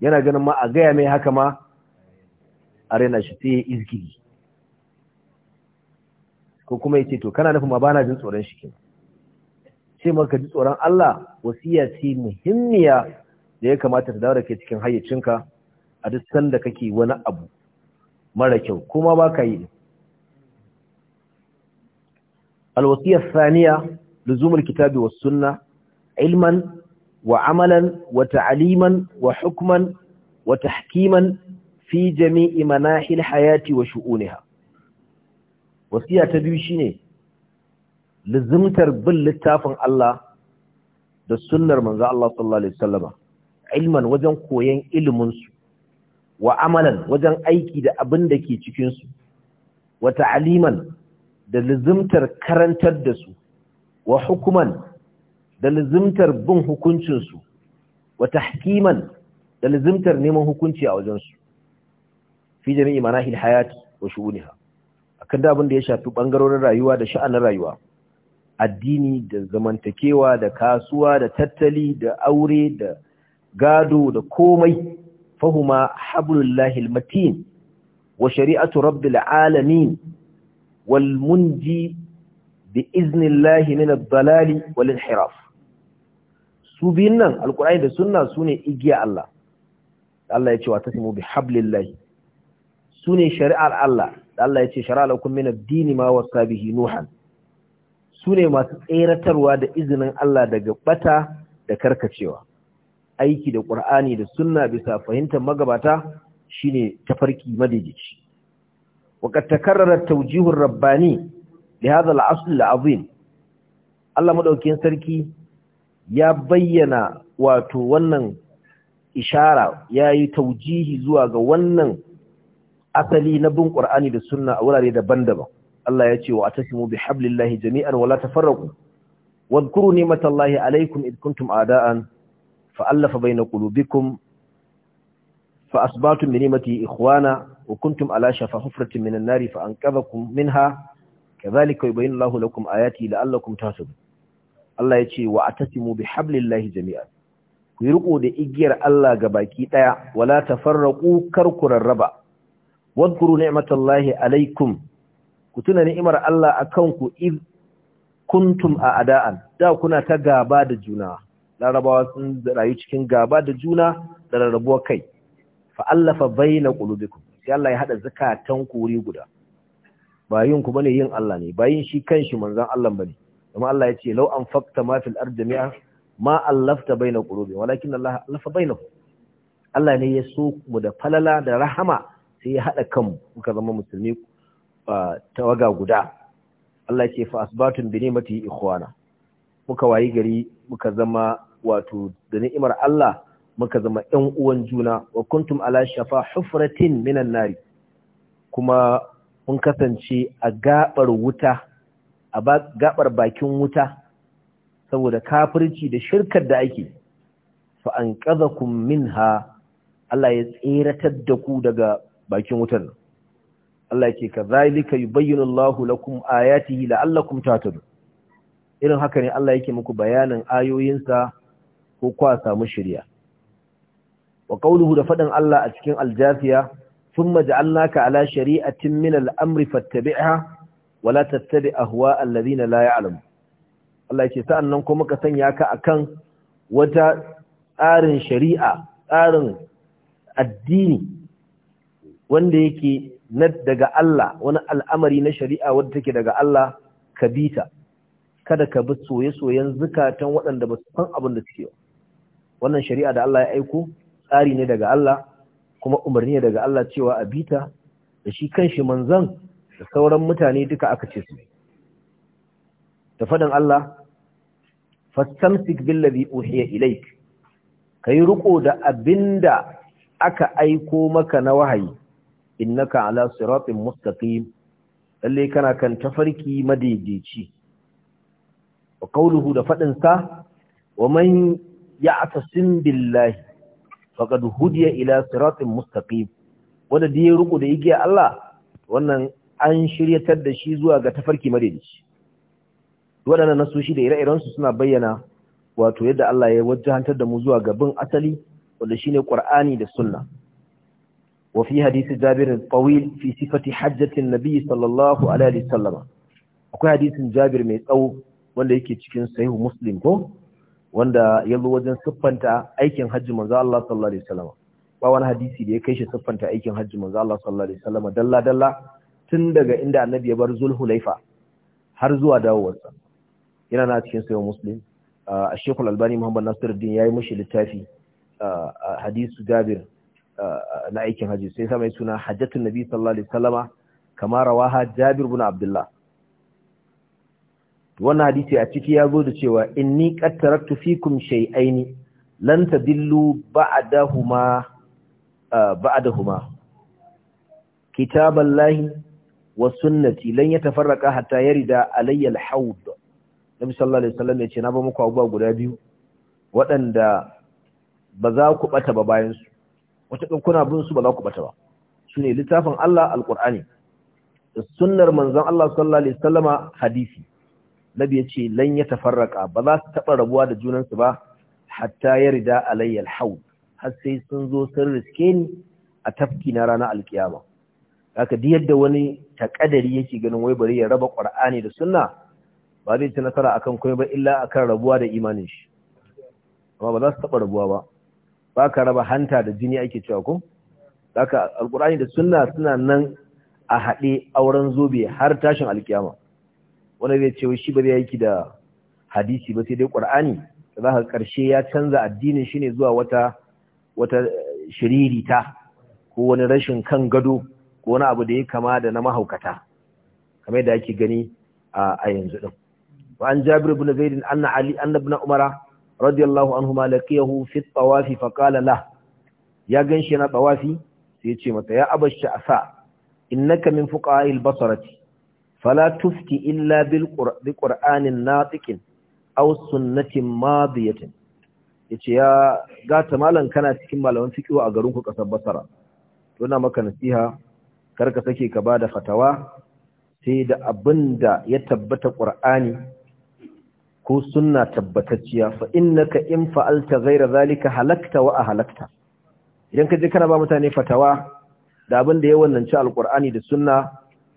yana ganin ma a gaya mai haka ma a raina shi sai ya izgiri ko kuma ya ce to kana nufin ma bana jin tsoron shi kenan ce ka ji tsoron Allah wasiya ce muhimmiya da ya kamata ta dawo da ke cikin hayyacinka a duk sanda kake wani abu mara kyau kuma ba ka yi alwasiyar saniya luzumul kitabi was sunna ilman wa amalan wa ta'aliman wa hukman wa tahkiman fi jami'i manahil hayati wa shu'uniha wasiya ta biyu shine luzumtar bin littafin Allah da sunnar manzo Allah sallallahu alaihi wasallama ilman wajen koyon ilimin su wa wajen aiki da abin da ke cikinsu, su wa ta'aliman da luzumtar karantar da su wa hukuman da lizimtar bin hukuncinsu wa tahkiman da lizimtar neman hukunci a wajensu fi jami'i manahil hayati wa shu'uniha akan da abin da ya shafi ɓangarorin rayuwa da sha'anin rayuwa addini da zamantakewa da kasuwa da tattali da aure da gado da komai fahuma hablullahi wa shari'atu rabbil alamin wal munji bi iznillahi min ad-dalali wal su biyun nan alqur'ani da sunna sune igiya Allah Allah ya ce wa tasimu bi Su ne shari'ar Allah Allah ya ce shari'a lakum min ad-dini ma wasa bihi nuhan sune masu tseratarwa da izinin Allah daga bata da karkacewa aiki da qur'ani da sunna bisa fahimtar magabata shine tafarki madidici وقد تكرر التوجيه الرباني لهذا العصل العظيم Allah madaukakin sarki ya bayyana wato wannan ishara ya yi taujihi zuwa ga wannan asali na bin ƙur'ani da Sunna a wurare daban-daban Allah ya ce wa atasimu bihablillahi jami'an wala tafarraqu wadhkuru ni'matallahi alaykum id kuntum a'da'an fa'alafa bayna qulubikum fa asbatum bi ni'matihi ikhwana wa kuntum ala shafa hufratin minan nari fa anqadhakum minha kazalika yubayyinu Allahu lakum ayati la'allakum tahtadun Allah ya yace wa atasimu hablillahi jami'an ku riko da igiyar Allah ga baki ɗaya wala tafarraqu karkurar raba wadhkuru ni'matallahi alaikum ku tuna ni'imar Allah a kan ku id kuntum a ada'an da kuna ta gaba da juna larabawa sun rayu cikin gaba da juna da rarrabuwar kai fa'allafa baina qulubikum sai Allah ya haɗa zakatan ku wuri guda ba yin ku bane yin Allah ne ba yin shi kanshi manzon Allah bane kuma Allah ya ce law an fakta ma fil ard jami'a ma allafta baina qulubi walakin Allah allafa bainahu Allah ne ya so mu da falala da rahama sai ya hada kanmu muka zama musulmi tawaga guda Allah ya ce fa asbatun bi ni'mati ikhwana muka wayi gari muka zama wato da ni'imar Allah muka zama ƴan uwan juna wa kuntum ala shafa hufratin minan nari kuma Mun kasance a gaɓar wuta a gabar bakin wuta saboda kafirci da shirkar da ake fa an min ha Allah ya tseratar da ku daga bakin wutar Allah yake yi yubayyinu Allahu lakum ayatihi la'allakum tatadu irin haka ne Allah yake muku bayanin ayoyinsa ko kwa samu shirya wa qawluhu da faɗin Allah a cikin aljafiya thumma ja'alnaka ala shari'atin min al-amri fattabi'ha wa la tattabi' ahwa alladhina la ya'lam Allah yake sa'annan kuma ka sanya ka akan wata tsarin shari'a tsarin addini wanda yake na daga Allah wani al'amari na shari'a wadda take daga Allah ka bita kada ka bi soye-soyen zukatan waɗanda ba abin da suke wannan shari'a da Allah ya aiko tsari ne daga Allah kuma umarni daga Allah cewa a bita da shi kanshi manzan da sauran mutane duka aka ce su da faɗin Allah fastamsik billazi uhiya ilaik kai riƙo da abinda aka aiko maka na wahayi innaka ala siratin mustaqim lalle kana kan tafarki madaidaici wa qawluhu da fadin sa wa man ya'tasim billahi Faƙadu hudiya ila siratin mustaqim wanda da ya ruku da igiya Allah wannan an shiryatar da shi zuwa ga tafarki madaidaici waɗannan nasoshi da ire-iren su suna bayyana wato yadda Allah ya wajjantar da mu zuwa ga bin asali wanda ne Qur'ani da Sunna wa fi hadisi Jabir fi sifati hajjatin Nabi sallallahu alaihi akwai hadisin Jabir mai tsawo wanda yake cikin sahihu Muslim ko wanda ya zo wajen siffanta aikin hajji manzo Allah sallallahu alaihi wasallam ba wani hadisi da ya kai shi siffanta aikin hajji manzo Allah sallallahu alaihi wasallam dalla dalla tun daga inda annabi ya bar zulhulaifa har zuwa dawowarsa yana na cikin sayo muslim a shekul albani muhammad nasiruddin ya yi mashi littafi hadisu jabir na aikin hajji sai sa mai suna hajjatun nabi sallallahu alaihi wasallama kama rawaha jabir bin abdullah wannan hadisi a ciki ya zo da cewa inni qad taraktu fikum shay'aini lan tadillu ba'dahuma ba'dahuma kitaballahi wa sunnati lan yatafarraqa hatta yarida alayya al-hawd nabi sallallahu alaihi wasallam yace na ba muku abubuwa guda biyu waɗanda ba za ku bata ba bayan su wata kuna bin su ba za ku bata ba shine littafin Allah alqur'ani sunnar manzon Allah sallallahu alaihi wasallama hadisi nabi ya ce lan ya tafarraka ba za su taɓa rabuwa da junansu ba hatta ya rida alayyal hau har sai sun zo sun riske ni a tafki na ranar alkiyama haka duk yadda wani takadari yake ganin wai bari ya raba qur'ani da sunna ba zai ci nasara akan komai ba illa akan rabuwa da imanin shi amma ba za su taɓa rabuwa ba ba ka raba hanta da jini ake cewa ko haka Alƙur'ani da sunna suna nan a haɗe auren zobe har tashin alkiyama wanda zai ce shi ba zai aiki da hadisi ba sai dai qur'ani za ka karshe ya canza addinin shi ne zuwa wata wata shiririta ko wani rashin kan gado ko wani abu da ya kama da na mahaukata kamar da ake gani a yanzu din wa an jabir ibn zaid anna ali umara radiyallahu anhuma laqiyahu fi tawaf fa qala la ya ganshi yana tawafi sai ya ce masa ya abashi asa innaka min fuqa'il basarati fala tufti illa bil qur'anin natiqin aw sunnatin madiyatin yace ya gata malam kana cikin malaman fiqh a garin ku kasar Basra to ina maka nasiha kar ka sake ka bada fatawa sai da abinda ya tabbata qur'ani ko sunna tabbatacciya fa innaka in fa'alta ghayra zalika halakta wa ahlakta idan ka je kana ba mutane fatawa da abinda ya wannanci alqur'ani da sunna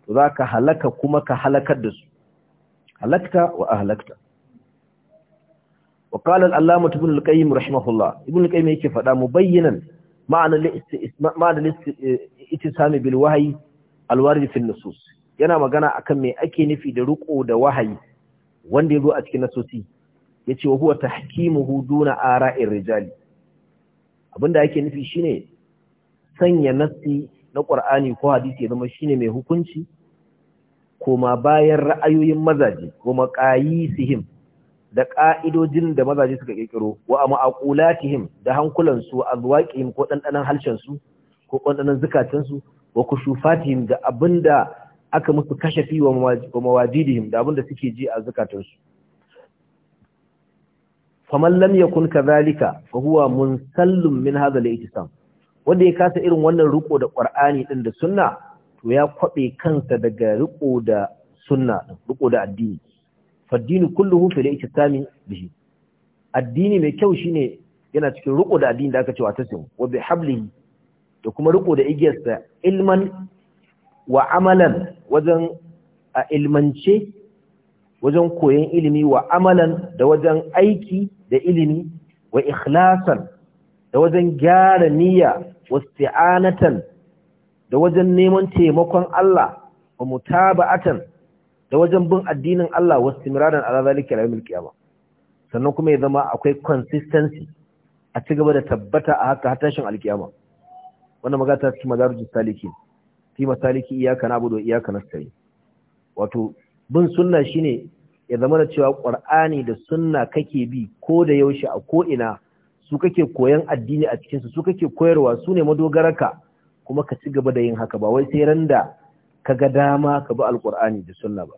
to za ka halaka kuma ka halakar da su halakta wa a wa qala al-allama ibn al-qayyim rahimahullah ibn al-qayyim yake faɗa mu ma'ana ma'ana ittisami bil wahyi al-warid fi an yana magana akan me ake nufi da ruqo da wahayi wanda yazo a cikin nasosi yace wa huwa tahkimuhu duna ara'ir rijali abinda ake nufi shine sanya nasi na ƙur'ani ko hadisi ya zama shine mai hukunci koma bayan ra'ayoyin mazaje kuma qayisihim da ƙa'idojin da mazaje suka ƙirƙiro? wa ma'aqulatihim da hankulansu su ko ɗanɗanan halshen su ko zukatansu? Wa su wa kushufatihim da abinda aka musu kashafi wa mawajidihim da abinda suke ji a zukatansu? su faman lam yakun kadhalika fa huwa sallun min hadha al-ihtisam wanda ya kasa irin wannan riko da qur'ani ɗin da sunna to ya kwaɓe kansa daga riko da sunna din riko da addini faddini kulluhu fil iktami bihi addini mai kyau shine yana cikin riko da addini da aka cewa ta tasim wa bi hablihi da kuma riko da igiyarsa ilman wa amalan wajen a ilmance wajen koyon ilimi wa amalan da wajen aiki da ilimi wa ikhlasan da wajen gyara niyya wasti'anatan da wajen neman taimakon Allah wa mutaba'atan da wajen bin addinin Allah wastimraran ala zalika yawmil qiyama sannan kuma ya zama akwai consistency a ci gaba da tabbata a haka tashin alkiyama wannan magana ta cikin madarujus saliki fi masaliki na abudu wa na sai wato bin sunna shine ya zama da cewa qur'ani da sunna kake bi ko da yaushe a ko ina su kake koyan addini a cikinsu su kake koyarwa su ne madogararka kuma ka ci gaba da yin haka ba wai sai randa ka ga dama ka bi alkur'ani da sunna ba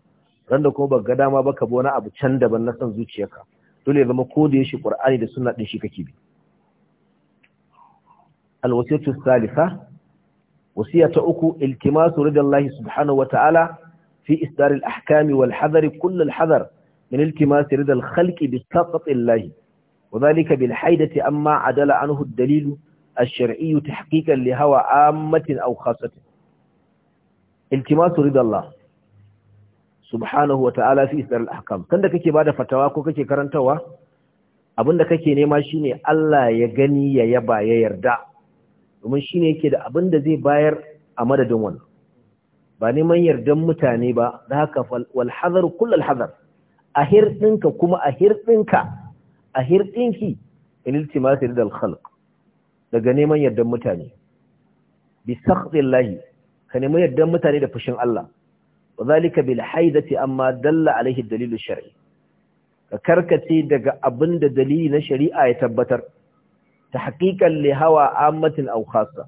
da kuma ba ga dama ba ka bi wani abu can daban na san zuciyarka dole ya zama ko da yashi qur'ani da sunna din shi kake bi alwasiyatu salisa wasiya ta uku iltimasu ridallahi subhanahu wata'ala fi isdar al-ahkami wal hadari kull hadar min iltimasi ridal khalqi bi taqatillahi وذلك بالحيدة أما عدل عنه الدليل الشرعي تحقيقا لهوى عامة أو خاصة التماس رضا الله سبحانه وتعالى في إصدار الأحكام tanda kake bada fatawa ko kake karantawa da kake nema shine Allah ya gani ya yaba ya yarda domin shine yake da da zai bayar a madadin wannan ba neman yardan mutane ba da haka wal hazar kullal hazar ahir dinka kuma ahir dinka a hirɗinki in iltimasi ridal khalq daga neman yardan mutane bi sakhdillahi ka neman yardan mutane da fushin Allah wa zalika bil haidati amma dalla alaihi dalilu shar'i ka karkace daga abin da dalili na shari'a ya tabbatar ta haƙiƙan li hawa ammatin aw khassa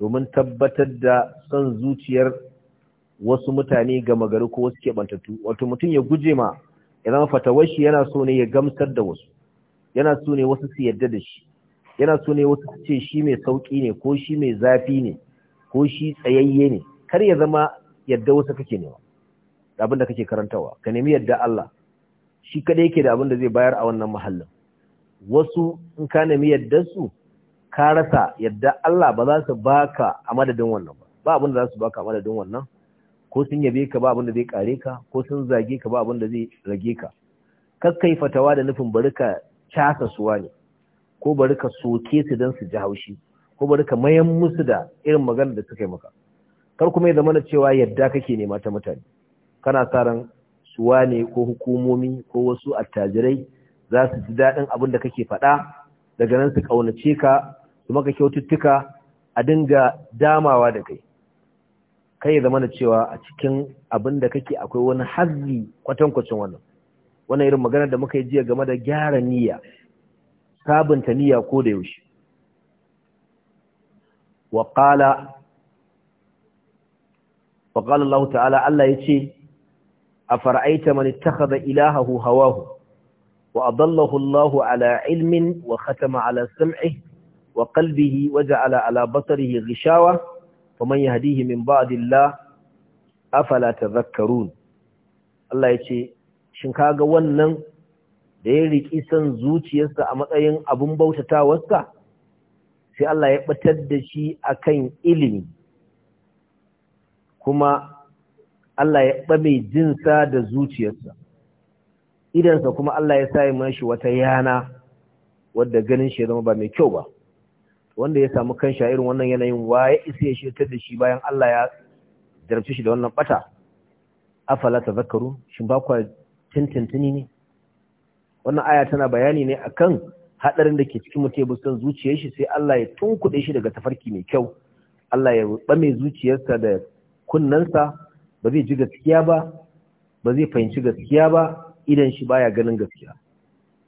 domin tabbatar da son zuciyar wasu mutane gama gari ko wasu kebantattu, wato mutum ya guje ma ya zama fatawar shi yana so ne ya gamsar da wasu yana so ne wasu su yadda da shi yana so ne wasu su ce shi mai sauki ne ko shi mai zafi ne ko shi tsayayye ne kar ya zama yadda wasu kake nema da abin da kake karantawa ka nemi yadda Allah shi kadai yake da abin da zai bayar a wannan mahallin wasu in ka nemi yadda su ka rasa yadda Allah ba za su baka a madadin wannan ba ba abin da za su baka a madadin wannan ko sun yabe ka ba abin da zai kare ka ko sun zage ka ba abin da zai rage ka kakkai fatawa da nufin bari ka casa suwa ne ko bari ka soke su don su ji haushi ko bari ka mayan musu da irin magana da suka yi maka kar kuma ya zamana cewa yadda kake nema ta mutane kana sa ran suwa ne ko hukumomi ko wasu attajirai za su ji daɗin abin da kake faɗa daga nan su ƙaunace ka su maka kyaututtuka a dinga damawa da kai kai ya zama da cewa a cikin abin da kake akwai wani hazzi kwatankwacin wannan wannan irin magana da muka yi jiya game da gyara niyya sabunta niyya ko da yaushe wa qala Allah ta'ala Allah yace afara'aita man ittakhadha ilahahu hawahu wa adallahu Allah ala ilmin wa khatama ala sam'ihi wa kalbihi wa ja'ala ala basarihi ghishawa faman يهديه min بعد الله افلا Allah ya ce shin kaga wannan da ya riki san zuciyarsa a matsayin abun bautatawarsa sai Allah ya batar da shi akan ilimi kuma Allah ya mai jinsa da zuciyarsa sa kuma Allah ya sa mashi wata yana wadda ganin shi zama ba mai kyau ba wanda ya samu kan irin wannan yanayin ya isa ya shirtar da shi bayan Allah ya jarabce shi da wannan bata afala tazakkaru shin ba kwa tintintini ne wannan aya tana bayani ne akan hadarin da ke cikin mutum ya busan zuciyar shi sai Allah ya tunkuɗe shi daga tafarki mai kyau Allah ya mai zuciyarsa da kunnansa ba zai ji gaskiya ba ba zai fahimci gaskiya ba idan shi baya ganin gaskiya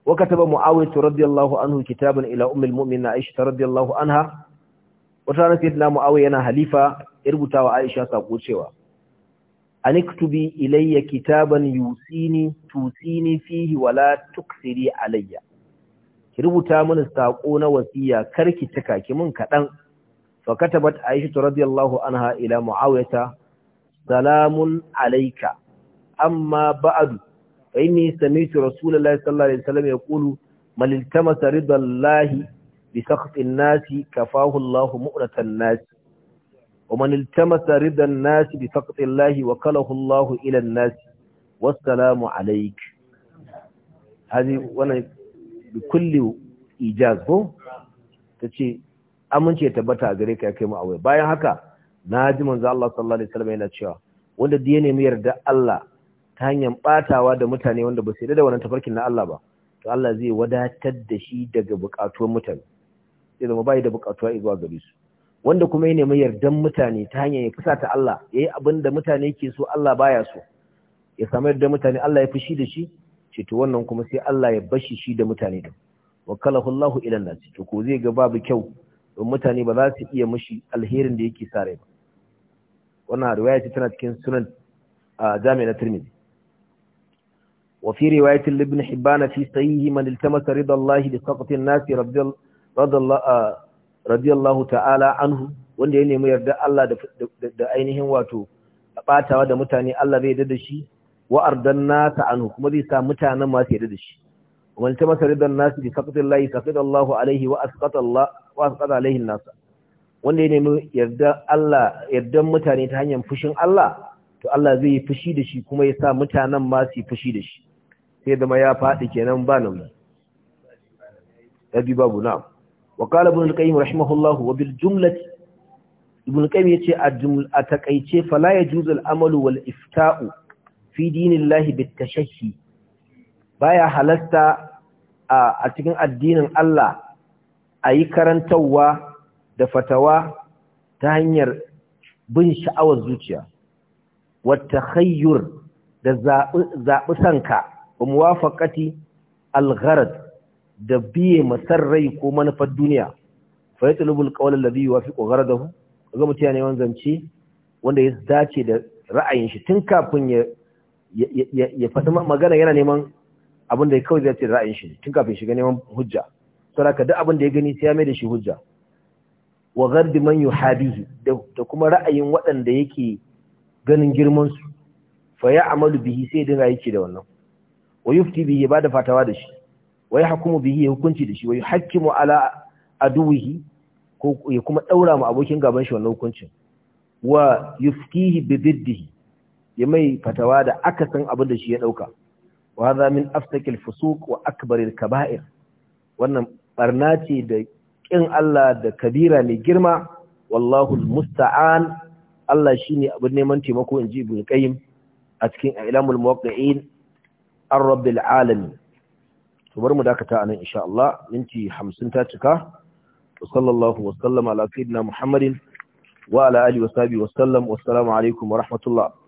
وكتب معاويه رضي الله عنه كتابا الى ام المؤمنين عائشه رضي الله عنها وكان سيدنا معاويه ينا خليفه يربطوا عائشه ساقو cewa ani kutubi ilayya kitaban yusini tusini fihi wala tuksiri alayya rubuta mana saqo na wasiya ki taka ki mun kadan fa katabat aisha radhiyallahu anha ila muawiyah salamun alayka amma ba'adu. fa inni sami'tu rasulullahi sallallahu alaihi wasallam yaqulu man iltamasa ridallahi bi sakhti an-nasi kafahu Allahu mu'ratan nas wa man iltamasa ridan nas bi sakhti Allahi wakalahu Allahu ila an-nas wassalamu alayk hadi wannan bi kulli ijaz ko tace amince tabbata gare ka kai mu awai bayan haka na ji manzo sallallahu alaihi yana cewa wanda da ya nemi yarda Allah ta hanyar batawa da mutane wanda ba su da wani tafarkin na Allah ba to Allah zai wadatar da shi daga bukatuwar mutane sai zama bayi da bukatuwa izuwa gare su wanda kuma ya nemi yardan mutane ta hanyar ya ta Allah yayi abin da mutane ke so Allah baya so ya samu yardan mutane Allah ya fushi da shi ce to wannan kuma sai Allah ya bashi shi da mutane din wakalahu Allahu na ce, to ko zai ga babu kyau don mutane ba za su iya mashi alherin da yake sare ba wannan riwaya ce tana cikin sunan jami'a na Tirmidhi وفي رواية لابن حبان في صحيح من التمس رضا الله لسقط الناس رضي الله رضي الله رضي الله تعالى عنه wanda ya nemi yarda Allah da ainihin wato da batawa da mutane Allah zai yarda da shi wa ardan nasa anhu kuma zai sa mutanen masu yarda da shi ومن تمس رضا الناس بسقط الله سقط الله عليه واسقط الله واسقط عليه الناس wanda ya nemi yarda Allah yardan mutane ta hanyar fushin Allah to Allah zai yi fushi da shi kuma ya sa mutanen ma su fushi da shi sai zama ya faɗi kenan ba nauyi ɗabi babu na'am wa ibn al-qayyim rahimahullah wa bil jumlati ibn al-qayyim yace a takaice fala yajuzu al-amalu wal ifta'u fi dinillahi bit tashahhi baya halasta a cikin addinin Allah ayi karantawa da fatawa ta hanyar bin sha'awar zuciya wata hayyur da zaɓi sanka wa muwafaqati al-gharad da biye masar Rai ko manufar duniya fa yatlubu al-qawl alladhi yuwafiqu gharadahu kaga mutiya ne wannan zance wanda ya dace da ra'ayin shi tun kafin ya ya magana yana neman abin da ya kawai zai ce ra'ayin shi tun kafin shiga neman hujja saboda duk abin da ya gani sai ya mai da shi hujja wa ghardi man yuhabihi da kuma ra'ayin waɗanda yake ganin girmansu. fa ya amalu bihi sai dinga yake da wannan wa yufti bihi ba da fatawa da shi Wai yahkumu bihi ya hukunci da shi wa yuhakkimu ala ko ya kuma daura mu abokin gaban shi wannan hukuncin wa yufkihi bi diddihi ya mai fatawa da san abin da shi ya dauka wa hadha min afsakil fusuq wa akbaril kaba'ir wannan barna ce da kin Allah da kabira mai girma wallahu musta'an Allah shine abin neman taimako inji ibn qayyim a cikin ilamul muwaqqi'in an rabbil alami to mu dakata anan insha Allah minti 50 ta cika wa sallallahu wa ala sayyidina Muhammadin wa ala alihi wa sahbihi wa sallam alaikum wa rahmatullah